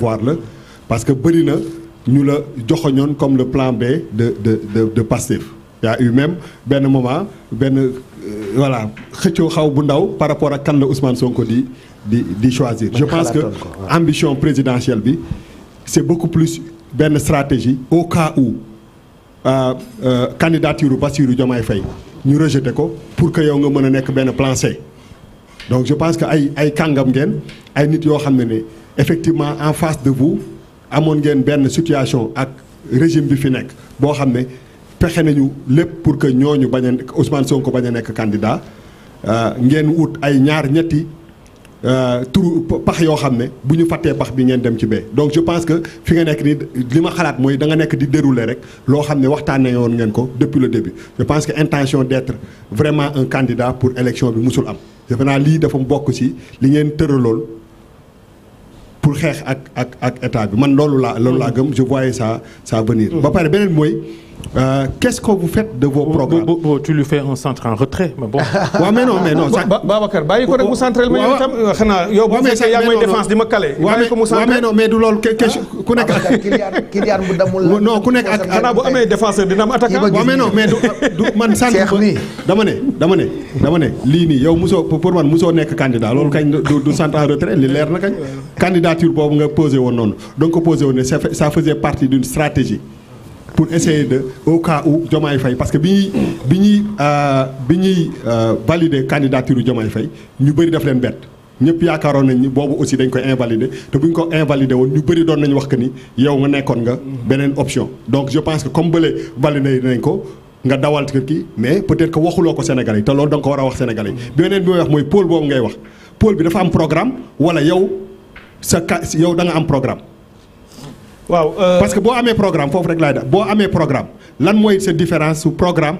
voir la parce que bëri na ñu la joxoñoon comme le plan B de de de de Pastef même benn moment benn euh, voilà xëccoo xaw bu ndaw par rapport ak kan la Ousmane Sonko di di di choisir. je pense que ambition présidentielle bi c'est beaucoup plus benn stratégie au cas où euh, euh, candidature Bassirou Diomaye Faye ñu rejeté ko pour que yow nga mën a nekk benn plan C donc je pense que ay ay kàngam ngeen ay nit yoo xam ne ne. effectivement en face de vous amoon ngeen benn situation ak régime bi fi nekk boo xam ne pexe nañu lépp pour que ñooñu bañ a soo ko bañ a nekk candidat euh, ngeen wut ay ñaar ñetti euh, turu pax yoo xam ne bu ñu fàttee pax bi ngeen dem ci bee donc je pense que fi nga nekk ni li ma xalaat mooy da nga nekk di dérouler rek loo xam ne waxtaanee woon ngeen ko depuis le début je pense que intention d'être vraiment un candidat pour élection bi musul am defe naa lii dafa bokk ci li ngeen tëralool pour xeex ak ak ak état bi man loolu laa loolu gëm je voyais saa ça venir mm. ba pare beneen mooy Euh, qu'est-ce que vous faites de vos oh, programmes. Bon, oh, bon, oh, tu lui fais un centre en retrait mais bon. waaw mais non mais non. Babacar bàyyi ko rek mu central ma yow tam euh, xanaa yow bu fekkee yaa ngi may défense di ma kale. bàyyi ko mu central mais non mais du loolu question ku nekk. Kylian bu damul non ku nekk ak xanaa bu amee défenseur dina am attaquant. waaw mais non mais du man. centre dama ne dama ne dama ne lii nii yow mosoo pour man mosoo nekk candidat loolu kañ du centre en retrait li leer na kañ. candidature boobu nga posé woon noonu donc posé woon ne ça faisait partie d'une stratégie. pour essayer de au cas où Diomaye fay parce que bi ñuy bi ñuy euh, bi ñuy euh, valider candidature Diomaye Faye ñu bëri daf leen bett ñëpp yaakaaroon nañ ni boobu aussi dañ koy invalider te bu ñu ko invalider woon ñu bëri doon nañu wax que ni yow nga nekkoon nga beneen option donc je pense que comme bële valider nañ ko nga dawal kër ki mais peut-être que waxuloo ko Sénégalais yi te loolu da nga ko war a wax Sénégalais yi beneen bi may wax mooy pôle boobu ngay wax pôle bi dafa am programme wala yow sa yow da nga am programme waaw euh, parce que boo amee programme foofu rek laay def boo amee programme lan mooy sa différence su programme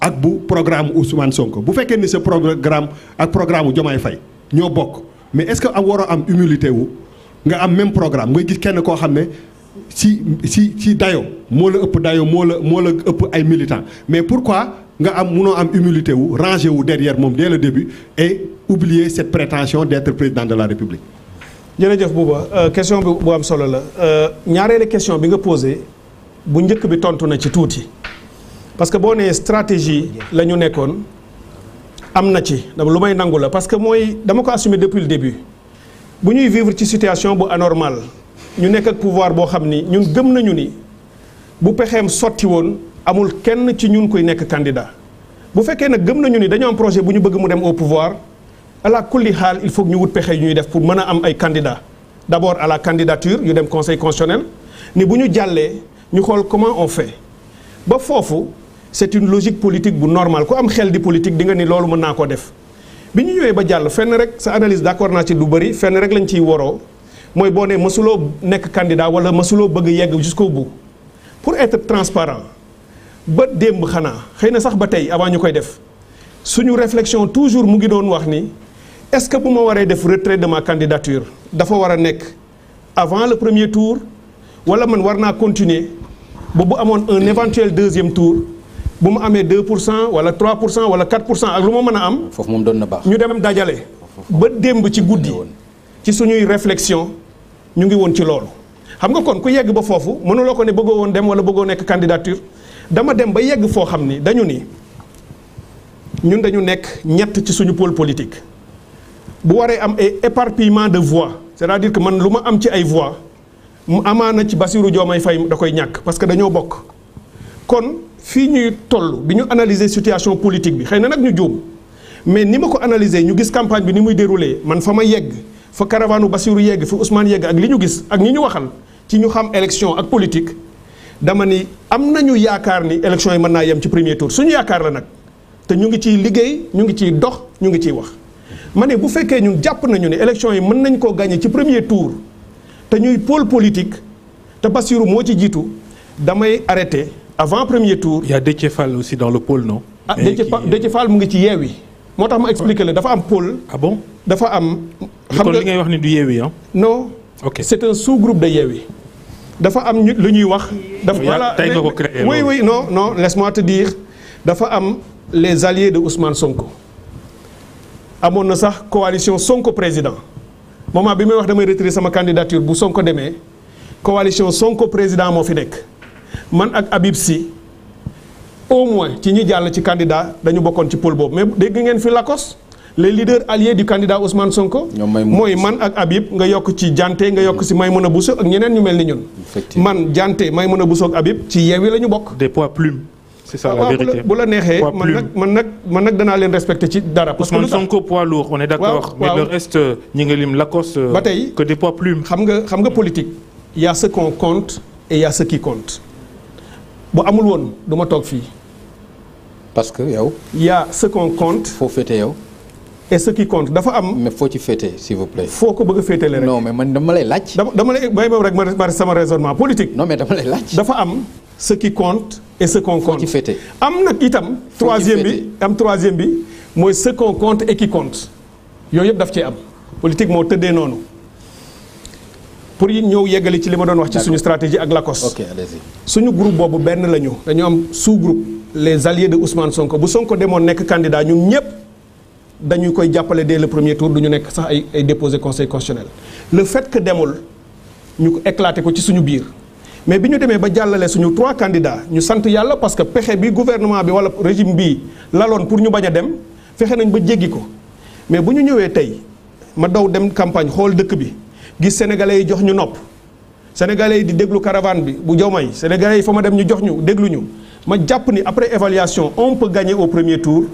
ak bu programme Ousmane Sonko bu fekkee ni sa programme ak programme Diomaye fay ñoo bokk mais est-ce que am waroo am humilité wu nga am même programme ngay gis kenn koo xam ne si si si dayoo moo la ëpp dayoo moo la moo la ëpp ay militant mais pour pourquoi nga am munoo am humilité wu ranger wu derrière moom dès le début et oublier cette prétention d'être président de la République jërëjëf Bouba euh, question bi bu am solo la euh, ñaareelu question bi nga posé bu njëkk bi tontu na ci tuuti parce que boo nee stratégie la ñu nekkoon am na ci dama lu may nangu la parce que mooy dama ko assumer depuis le début bu ñuy vivre ci situation bu anormal ñu nekk ak pouvoir boo xam ni ñun gëm nañu ni bu pexeem sotti woon amul kenn ci ñun kuy nekk candidat bu fekkee nag gëm nañu ni dañoo am projet bu ñu bëgg mu dem au pouvoir ala kulli xaal il faut ñu wut pexe yu ñuy def pour mën a am ay candidats d' abord à la candidature yu dem conseil constitutionnel ni bu ñu jàllee ñu xool comment on fait ba foofu c' est une logique politique bu normal ku am xel di politique di nga ni loolu mën naa ko def. bi ñu ñëwee ba jàll fenn rek sa analise d' accord naa ci lu bëri fenn rek lañu ciy waroo mooy boo nee mësuloo nekk candidat wala mësuloo bëgg yegg jusqu'au bu pour être transparent ba démb xanaa xëy na sax ba tey avant ñu koy def suñu réflexion toujours mu ngi doon wax ni. est-ce que bu ma waree def retrait de ma dafa war a nekk avant le premier tour wala man war naa continuer ba bu amoon un éventuel deuxième tour bu mu amee 2 pour cent wala 3 pour cent wala 4 pour cent ak lu ma mën a am. foofu moom doon na baax ñu dem dajale. ba démb ci guddi. ci suñuy réflexion ñu ngi woon ci loolu. xam nga kon ku yegg ba foofu mënuloo ko ne bëggoo woon dem wala bëggoo nekk candidature dama dem ba yegg foo xam ni dañu ni ñun dañu nekk ñett ci suñu pôle politique. bu waree am ay éparpillement de voix c'est-à-dire que man lu ma am ci ay voix mu amaana ci Bassirou Diomaye Faye da koy ñàkk parce que dañoo bokk kon fii ñuy toll bi ñu analyser situation politique bi xëy na nag ñu juum mais ni ma ko analyser ñu gis campagne bi ni muy déroulé man fa ma yegg fa caravane Bassirou yegg fa Ousmane yegg ak li ñu gis ak ñu ñu waxal ci ñu xam élection ak politique dama ni am nañu yaakaar ni élection yi mën naa yem ci premier suñu yaakaar nag te ñu ngi ciy liggéey ñu ngi ciy dox ñu ngi ciy wax ma ne bu fekkee ñun jàpp nañu ne élection yi mën nañ koo gagné ci premier tour te ñuy pôle politique te Bassirou moo ci jiitu damay arrêté avant premier tour. y a Déthié Fall aussi dans le pôle non. ah mu ngi ci yeew yeewi moo tax ma expliqué la dafa am pôle. ah dafa am. xam nga li ngay wax ni du yeewi ah. non ok c'est un sous-groupe de yeewi. dafa am ñu lu ñuy wax. dafa voilà tey nga ko créé oui oui non no laisse-moi te dire dafa am les alliés de Ousmane Sonko. amoon na sax coalition Sonko président moment bi may wax damay retirer sama candidature bu Sonko demee coalition Sonko président moo fi nekk man ak Habib Sy au moins ci ñi jàll ci candidat dañu bokkoon ci pôle boobu mais dégg ngeen fi Lacoste les leaders alliés du candidat Ousmane Sonko. mooy man ak Habib nga yokk ci Jante nga yokk si a Bousso ak ñeneen ñu mel ni ñun. man Jante Maïmouna Bousso ak Habib ci Yewwi la ñu bokk. des poids plumes. c'est ça bu la neexee man nag man nag man nag dana leen respecté ci dara. parce que Ousmane Sonko poids lourd on est d'accord. mais le rest ñi nga lim Lacoste. Euh, ba tey que des poids xam nga xam nga politique. y a ce qu'on compte et y a compte bu amul woon du toog fii. parce que yow. y a ce qu'on compte. foo féete yow. et ce qui compte dafa am. mais foo ci féete s'il vous plaît. foo ko bëgg a féetee rek. dama lay laaj. dama dama lay bàyyi rek ma sama raisonnement politique. non mais dama dafa am. ce qui compte et ce qu'on am nag itam troisième bi am troisième bi mooy ce conte compte et qui compte yooyu yëpp daf cee am politique moo tëddee noonu pour yi ñëw yeggale ci li ma doon wax ci suñu stratégie ak Lacoste ok allez suñu groupe boobu benn la ñu dañu am sous groupe les alliés de Ousmane Sonko bu Sonko demoon nekk candidat ñun ñëpp dañu koy jàppale de le premier tour du ñu nekk sax ay ay déposé conseil constitutionnel le fait que demul ñu éclaté ko ci suñu biir mais bi ñu demee ba jàllale suñu trois candidats ñu sant yàlla parce que pexe bi gouvernement bi wala régime bi laloon pour ñu bañ a dem fexe nañ ba jéggi ko mais bu ñu ñëwee tey ma daw dem campagne xool dëkk bi gis sénégalais yi jox ñu nopp sénégalais yi di déglu caravane bi bu Diomaye sénégalais yi fa ma dem ñu jox ñu déglu ñu ma jàpp ni après évaluation on peut gagner au premier tour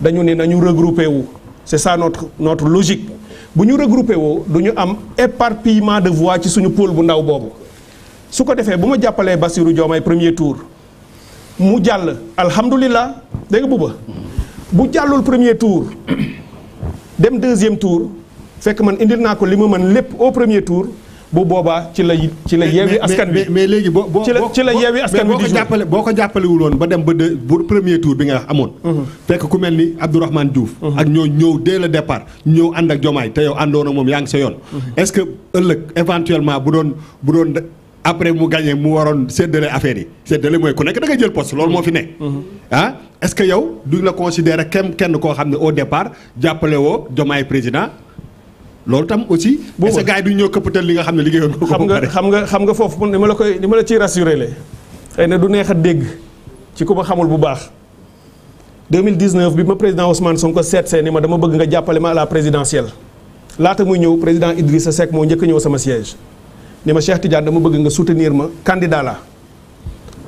dañu ne nañu regrouper wu c'est ça notre notre logique bu ñu regrouper woo du ñu am éparpillement de voix ci suñu pôle bu ndaw boobu su ko defee bu ma jàppalee Bassirou Diomaye premier tour mu jàll alhamdulilah dégg nga buba bu jàllul premier tour dem deuxième tour fekk man indil naa ko li ma mën lépp au premier tour bu boobaa ci la ci la yeewi askan bi mais léegi boo boo ci la yeewi askan bi di jàppale boo ko jàppalewul woon ba dem ba de bu premier tour bi nga wax amoon mhm. fekk ku mel ni Abdourahmane Diouf mhm. ak ñoo ñëw dès le départ ñëw ànd ak Diomaye te yow àndoon ak moom yaa ngi sa mhm. est-ce que ëllëg éventuellement bu doon bu doon après mu gagné mu waroon séddale affaire yi séddale mooy ku nekk da nga jël poste loolu moo fi ne. Mm-hmm. ah est-ce que yow duñ la considérer kenn kenn koo xam ne au départ jàppale woo Diomaye président loolu tam aussi. bu boobaa est-ce que gars yi li nga xam ne liggéeyoon ko. xam nga xam nga xam nga foofu ni ma koy ni ma la ciy xëy na du neex a dégg ci ku ma xamul bu baax 2019 bi ma président Ousmane Sonko seet see ni ma dama bëgg nga jàppale ma à la présidentielle laata muy ñëw président sa Seck moo njëkk a ñëw sama siège. ni ma Cheikh Tidiane dama bëgg nga soutenir ma candidat la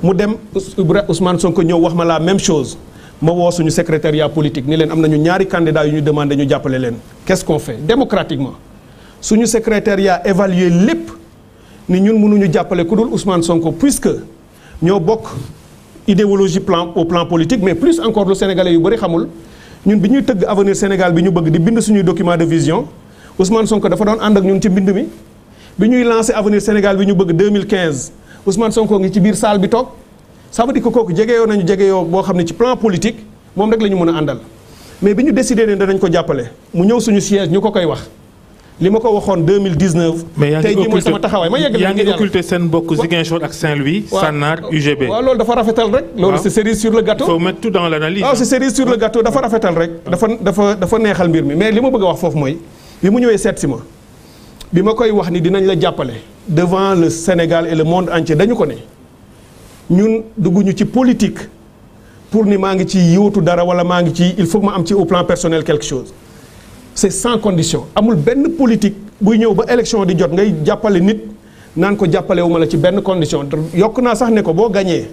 mu dem Ousmane Sonko ñëw wax ma la même chose ma woo suñu secrétariat politique ni leen am nañu ñaari candidat yu ñu demandé ñu jàppale leen qu'est-ce qu'on fait suñu secrétariat évaluer lépp ni ñun mënuñu jàppale ku dul Ousmane Sonko puisque ñoo bokk idéologie plan au plan politique mais plus encore lu sénégalais yu bëri xamul ñun bi ñuy tëgg avenir Sénégal bi ñu bëgg di bind suñuy document de vision Ousmane Sonko dafa doon ànd ak ci mbind mi bi ñuy lancé avenir Sénégal bi ñu bëgg 2015 Ousmane Sonko ngi ci biir salle bi toog ça veut dire que kooku jegeyoo nañu jegeyoo boo xam ne ci plan politique moom rek la ñu mën a àndal mais bi ñu décidé ne danañ ko jàppale mu ñëw suñu siège ñu ko koy wax li ma ko waxoon 2019. tey jii mooy sama taxawaay ma yegg yaa ngi occulté seen bokk Ziguinchor ak Saint-Louis. Sannar UGB waaw loolu dafa rafetal rek. loolu c'est cerise sur le ah, neexal mbir mi mais li ma bëgg a wax foofu mooy bi mu ñëwee seet si ma bi ma koy wax ni dinañ la jàppale devant le Sénégal et le monde entier dañu ko ne ñun dugguñu ci politique pour ni maa ngi ci yóotu dara wala maa ngi ci il faut ma am ci au plan personnel quelque chose c'est sans condition amul benn politique buy ñëw ba élection di jot ngay jàppale nit naan ko jàppalewuma la ci benn condition yokk naa sax ne ko boo gañee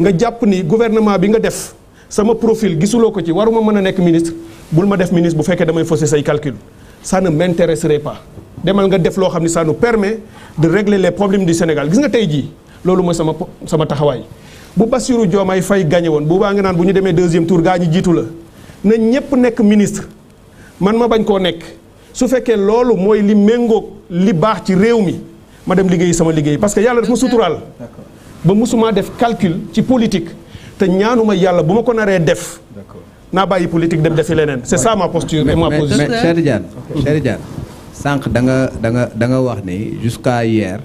nga jàpp ni gouvernement bi nga def sama profil gisuloo ko ci waruma mën a nekk ministre bul ma def ministre bu fekkee damay fausser say calcul ça ne m'intéresserait demal nga def loo xam ne ça nous permet de régler les problème du Sénégal gis nga tey jii loolu mooy sama sama taxawaay bu Bassirou Diomaye Faye gagné woon bu baa nga naan bu ñu demee deuxième tour gaa ñi jiitu la na ñépp nekk ministre man ma bañ koo nekk su fekkee loolu mooy li méngoog li baax ci réew mi ma dem liggéey sama liggéey parce que yàlla dafa ma suturaal ba mosumaa def calcul ci politique te ñaanuma yàlla bu ma ko naree def naa bàyyi politique dem defi leneen c'est ça ma posture et ma sànq da nga da nga da nga wax ni jusqu'à hier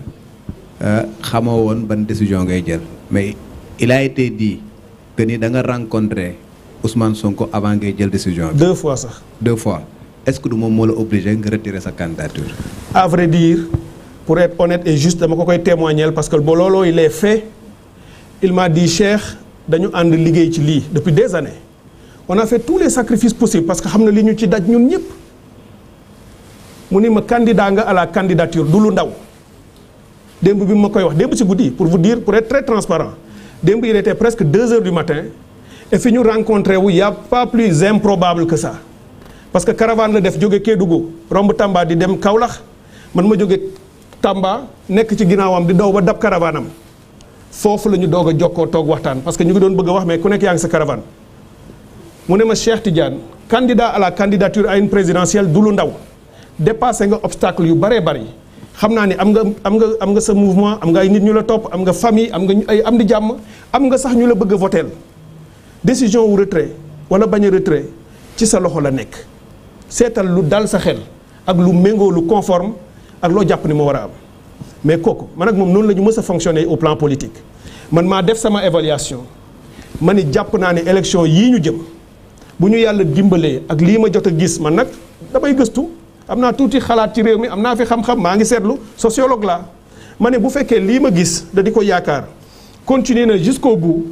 euh, xamoo woon ban décision ngay jël mais il a été dit nii ni da nga rencontré Ousmane Sonko avant ngay jël décision bi. deux fois sax. deux fois est-ce du moom moo la obligé nga retirer sa candidature. à vrai dire pour être honnête et juste dama ko koy témoigner parce que ba looloo il est fait il m'a dit dañu ànd liggéey ci lii depuis des années on a fait tous les sacrifices possibles parce que xam na li ñu ci daj ñun ñëpp. mu ni ma candidat nga à la candidature du lu ndaw démb bi mu ma koy wax démb si guddi pour vous dire pour être très transparent démb il était presque deux heures du matin et fi ñu rencontré wu y' a plus improbable que ça parce que caravane la def jóge Kédougou romb Tamba di dem Kaolack man ma jóge Tamba nekk ci ginnaawam di daw ba dab caravane foofu la ñu doog a jokkoo toog waxtaan parce que ñu ngi doon bëgg a wax mais ku nekk yaa ngi sa caravane mu ne ma Cheikh Tidiane candidat la candidature à une présidentielle du lu ndaw. dépassé nga obstacle yu bëree bëri xam naa ni am nga am nga am nga sa mouvement am nga ay nit ñu la topp am nga famille am nga ay am di jàmm am nga sax ñu la bëgg a voteel décision wu retrait wala bañ a retrait ci sa loxo la nekk seetal lu dal sa xel ak lu méngoo lu conforme ak loo jàpp ni moo war a am mais kooku man ak moom noonu la ñu mës a fonctionner au plan politique man maa def sama évaluation ma ni jàpp naa ne élection yii ñu jëm bu ñu yàlla dimbalee ak lii ma jot a gis man nag damay gëstu am naa tuuti xalaat ci réew mi am naa fi xam-xam maa ngi seetlu sociologue la ma ne bu fekkee lii ma gis da di ko yaakaar continuer na jusqu'au bout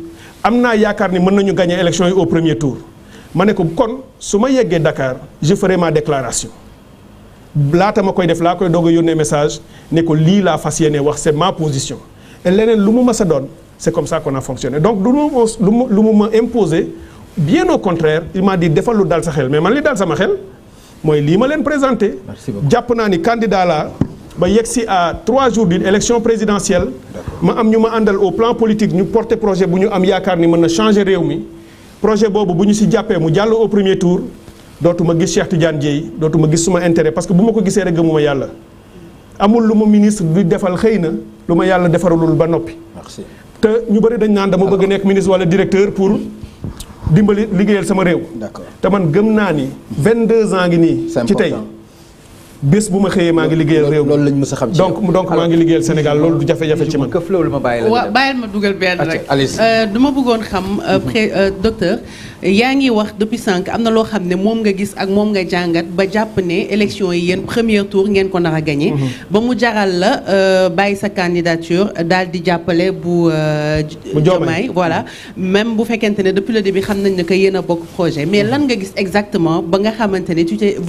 am naa yaakaar ni mën nañu gagner élection yi au premier tour ma ne ko kon su ma yeggee Dakar je ferai déclaration laata ma koy def laa koy doog a yónnee message ne ko lii laa fas yéene wax c'est ma position leneen lu mu mës a doon c'est comme ça qu'on a fonctionné donc du mu lu mu lu mu ma imposer bien au contraire il m'a dit defal dal sa xel mais man li dal sama xel mooy lii ma leen présenté. jàpp naa ni candidat laa ba yegg si à trois jours d'une élection présidentielle. ma am ñu ma àndal au plan politique ñu porté projet bu ñu am yaakaar ni mën na changer réew mi. projet boobu bu ñu si jàppee mu jàll au premier tour dootuma gis Cheikh Tidiane Dièye dootuma gis suma intérêt parce que bu ma ko gisee rek gëmuma yàlla. amul lu ma ministre di defal xëy na lu ma yàlla defaralul ba noppi. te ñu bëri dañ naan dama bëgg nekk ministre wala directeur pour. dimbali liggéeyal sama réew. d'accord te man gëm naa ni. 22 ans ngi nii. ci tey bés bu ma xëyee maa ngi liggéeyal réew. loolu lañ mës a xam ci donc donc maa ngi liggéeyal Sénégal loolu du jafe-jafe ci man. këf loolu ma bàyyi la waaw bàyyil ma dugal benn rek. Euh, ma bëggoon xam. Euh, euh, docteur. yaa ngi wax depuis sànq am na loo xam ne moom nga gis ak moom nga jàngat ba jàpp ne élection yi yéen premier tour ngeen ko nar a gagné. Mm-hmm. ba mu jaral la euh, bàyyi sa candidature daal di jàppale bu. Euh, Diomaye voilà même bu fekkente ne depuis le début xam nañ ne que yéen a bokk projet mais mm-hmm. lan nga gis exactement ba nga xamante ne tu